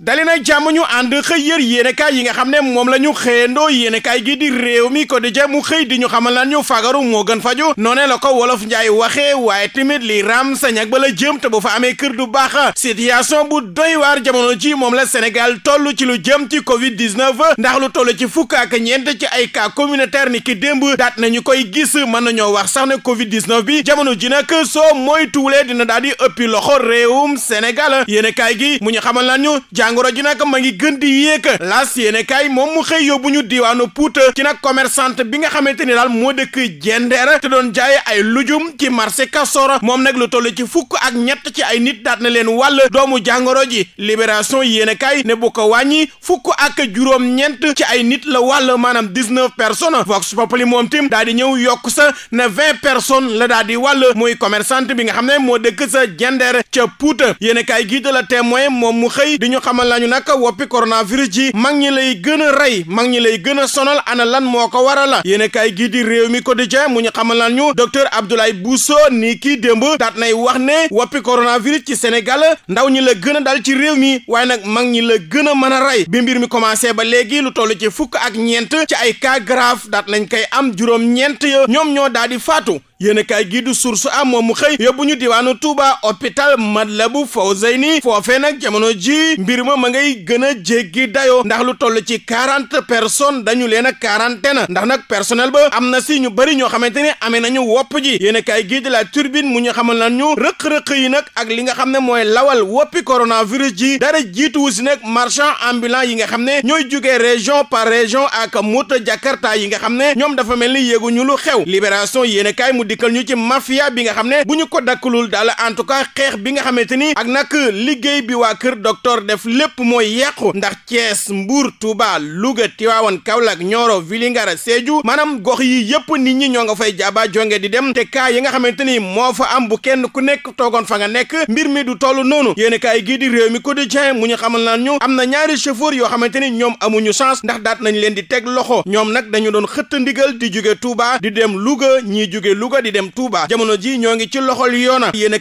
dali nag jàmm ñu ànd xëy yër yéenekaay yi nga xam ne moom la ñu xëyandoo yéenekaay gi di réew mi ko di ja xëy di ñu xamal lan ñu fagaru moo gën faju noone la ko wolof njaay waxee waaye tamit li ram sa ñag jëm te boo fa amee kër du baax situation bu doy waar jamono ji moom la Sénégal toll ci lu jëm ci Covid 19 ndax lu toll ci fukk ak ñeent ci ay cas communautaire ni ki démb daat nañu koy gis mën nañoo wax sax ne Covid 19 bi jamono ji nag soo mooy tuulee dina daal di ëppi loxo réewum Sénégal yéenekaay gi mu ñu xamal lan jàngoro ji nag ma ngi gën di yéeg laas yéene kaay moom mu xëy yóbbu ñu diwaanu Pout ci nag commerçante bi nga xamante ni daal moo dëkk jendeer te doon jaay ay lujum ci marché Castor moom nag lu toll ci fukk ak ñett ci ay nit daat na leen wàll doomu jàngoro ji libération yéene kaay ne bu ko wàññi fukk ak juróom-ñeent ci ay nit la wàll maanaam dix-neuf personnes Vox Populi moom tim daal di ñëw yokk sa ne vingt personnes la daal di wàll mooy commerçante bi nga xam ne moo dëkk sa jendeer ca Pout yéene kaay gii da la moom mu xëy xamal nañu nag woppi coronavirus ji mag ñi lay gën a rey mag ñi lay gën a sonal ana lan moo ko waral yéen kay gii di réew mi quotidien mu ñu xamal nañu docteur Abdoulaye Bousso nii kii démb daat nay wax ne woppi coronavirus ci Sénégal ndaw ñi la gën a dal ci réew mi waaye nag mag ñi la gën a mën a rey bi mbir mi commencé ba léegi lu toll ci fukk ak ñeent ci ay cas grave daat nañ koy am juróom-ñeent ya ñoom ñoo daal di faatu yéen a kaay gii du source am moom mu xëy bu ñu diwaanu Touba hôpital Matlaboul Fawzayni foofee nag jamono ji mbir ma ma ngay gën a jéggi dayoo ndax lu toll ci quarante personnes dañu leen a quarantaine ndax nag personnel ba am na si ñu bëri ñoo xamante ni amee nañu wopp ji yéen gii de la turbine mu ñu xamal lan ñu rëq-rëq yi nag ak li nga xam ne mooy lawal woppi coronavirus ji dara jiituwu si nag marchand ambulant yi nga xam ne ñooy jugee région par région ak moto Jakarta yi xam ne ñoom dafa mel ni yéeguñu lu xew libération yéen a kaay mu mu dikkal ñu ci mafia bi nga xam ne bu ñu ko dakkalul daal en tout cas xeex bi nga xamante ni ak nag liggéey bi waa kër docteur def lépp mooy yàqu ndax cees Mbour Touba Louga Tivaouane Kaolack Nioro Vélingara Sédhiou maanaam gox yi yépp nit ñi ñoo nga fay jaaba jonge di dem te cas yi nga xamante ni moo fa am bu kenn ku nekk toogoon fa nga nekk mbir mi du toll noonu yéen kaay gii di réew mi quotidien mu ñu xamal naa ñu am na ñaari chauffeur yoo xamante ni ñoom amuñu chance ndax daat nañ leen di teg loxo ñoom nag dañu doon xëtt ndigal di jóge Touba di dem Louga ñii jóge Louga Louga di dem Touba jamono ji ñoo ngi ci loxol yoona yéen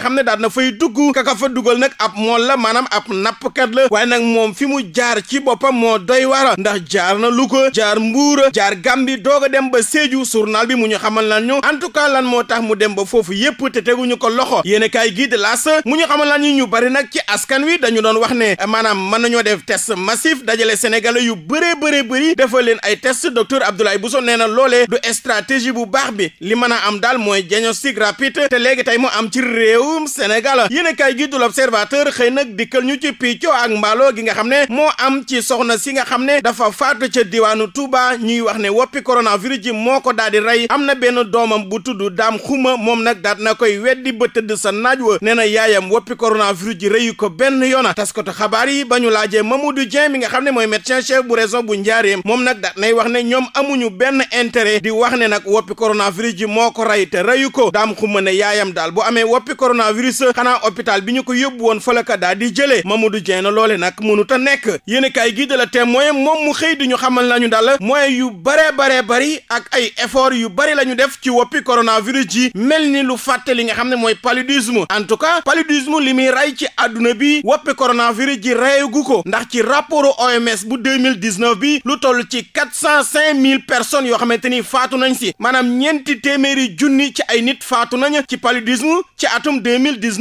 xam ne daal na fay dugg kaka la maanaam ab nappkat la waaye nag moom fi mu jaar ci boppam moo doy wara ndax jaar na Louga jaar Mbuur jaar Gàmbi doog a dem ba Sédhiou journal bi mu ñu xamal lan ñu en tout lan moo tax mu dem ba foofu yépp te teguñu ko loxo yéen a kaay gii de L'As mu ñu xamal lan ñu ñu bari nag ci askan wi dañu doon wax ne maanaam mën nañoo def test massif dajale sénégalais yu bëree yi defal leen ay test docteur Abdoulaye Bousso nee na loolee du stratégie bu baax bi li mën a am daal mooy diagnostic rapide te léegi tey mu am ci réewum Sénégal yéen kay gi du l'observateur xëy nag dikkal ñu ci picco ak mbaalo gi nga xam ne moo am ci soxna si nga xam ne dafa faatu ca diwaanu Touba ñuy wax ne woppi coronavirus ji moo ko daal di rey am na benn doomam bu tudd daam xuma moom nag daat na koy weddi ba tëdd sa naaj wa nee na yaayam woppi coronavirus ji reyu ko benn yoona taskatu xabaar yi ba ñu laajee Mamadou Dieng mi nga xam ne mooy médecin bu région bu Njaaréem moom nag da nay wax ne ñoom amuñu benn intérêt di wax ne nag woppi coronavirus ji moo ko rey te reyu ko daam xuma ne yaayam daal bu amee woppi coronavirus xanaa hôpital bi ñu ko yóbbu woon fa la ka daal di jëlee Mamadou Dieng loole nag mënut a nekk yéen kaay gi de la témoin moom mu xëy di ñu xamal nañu daal moyens yu baree bare bari ak ay effort yu bari la ñu def ci woppi coronavirus ji mel ni lu fàtte li nga xam ne mooy paludisme en tout cas paludisme li muy rey ci àdduna bi woppi coronavirus ji reyagu ko ndax ci rapport OMS bu 2019 bi lu toll ci quatre cent cinq mille personnes yoo xamante ni faatu nañ si maanaam ñeenti téeméeri junni ci ay nit faatu nañ ci paludisme ci atum deux mille dix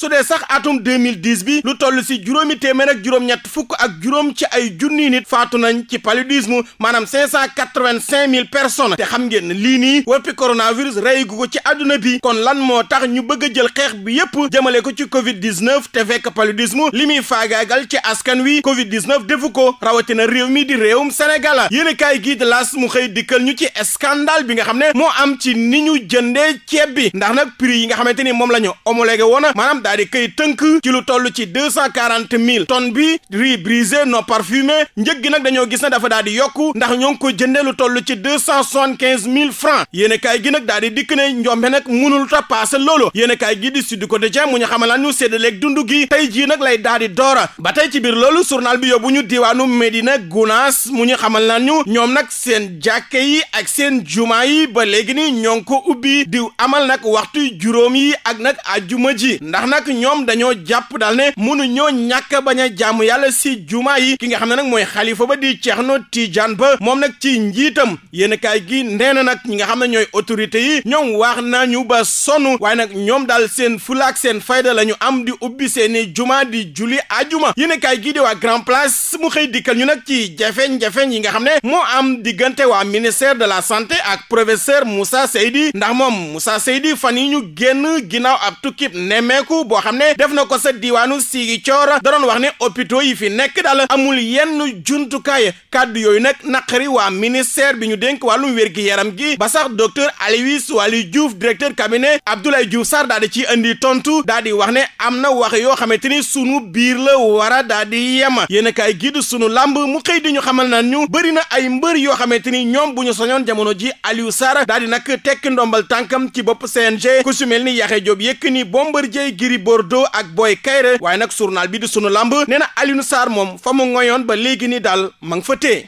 su dee sax atum bi lu toll si juróomi téeméer ak juróom-ñett fukk ak juróom ci ay junni nit faatu nañ ci paludisme maanaam cinq cent quatre vingt cinq mille personnes te xam ngeen lii nii woppi coronavirus rey ko ci àdduna bi kon lan moo tax ñu bëgg a jël xeex bi yépp jëmale ko ci Covid dix neuf te fekk paludisme li muy faagaagal ci askan wi Covid dix neuf defu rawatina réew mi di. réewum Sénégal yéenekaay gii de L'As mu xëy dikkal ñu ci scandale bi nga xam ne moo am ci ni ñu jëndee ceeb bi ndax nag prix yi nga xamante ni moom la ñu homologué woon maanaam daal di koy tënk ci lu toll ci deux cent quarante mille tonnes bi riz brisé non parfumé njëg gi nag dañoo gis ne dafa daal di yokku ndax ñoo ngi ko jënde lu toll ci deux cent soixante quinze mille francs yéenekaay gi nag daal di dikk ne njombe nag mënul ta paase loolu yéenekaay gi di Sud Quotidien mu ñu xam ñu séddaleeg dund gi tey jii nag lay daal di doora ba tey ci biir loolu journal bi yóbbu ñu diwaanu Médina Gounass As mu ñu xamal naan ñu ñoom nag seen jàkke yi ak seen jumaa yi ba léegi ni ñoo ko ubbi diw amal nag waxtu juróom yi ak nag juma ji ndax nag ñoom dañoo jàpp daal ne nu ñoo ñàkk bañ a jaamu yàlla si jumaa yi ki nga xam ne nag mooy xalifa ba di ceex Ceerno Tijaan ba moom nag ci njiitam yéen kaay gi nee nag ñi nga xam ne ñooy autorité yi ñoom wax ñu ba sonn waaye nag ñoom daal seen fula ak seen fayda la ñu am di ubbi seeni jumaa di julli ajuma yéen kaay gi di waa Grand Place mu ñu nag ci jafeñ-jafeñ yi xam ne moo am diggante waa ministère de la santé ak professeur Moussa Seydi ndax moom Moussa Seydi fan yi ñu génn ginnaaw ab tukkib nemmeeku boo xam ne def na ko se sa diiwaanu Ziguinchor da doon wax ne hôpitaux yi fi nekk daal amul yenn jumtukaay kaddu yooyu nag naqari waa ministère bi ñu dénk wàllum wér-gi-yaram gi ba sax docteur Aliou Waly Diouf directeur cabinet Abdoulaye Diouf Sarr daal di ci indi tontu daal di wax ne am na wax yoo xamante ni sunu biir la xamal naan ñu bëri na ay mbër yoo xamante ni ñoom bu ñu soñoon jamono ji Aliou Sarr daal di nag tekk ndombal tànkam ci bopp CNG ku si mel ni Yaxya Joob Yékini Bombardier Gris Bordeaux ak Boy Kayre waaye nag surnal bi di sunu lamb nee na Aliou Sarr moom fa mu ngoyoon ba léegi ni daal ma nga fa tee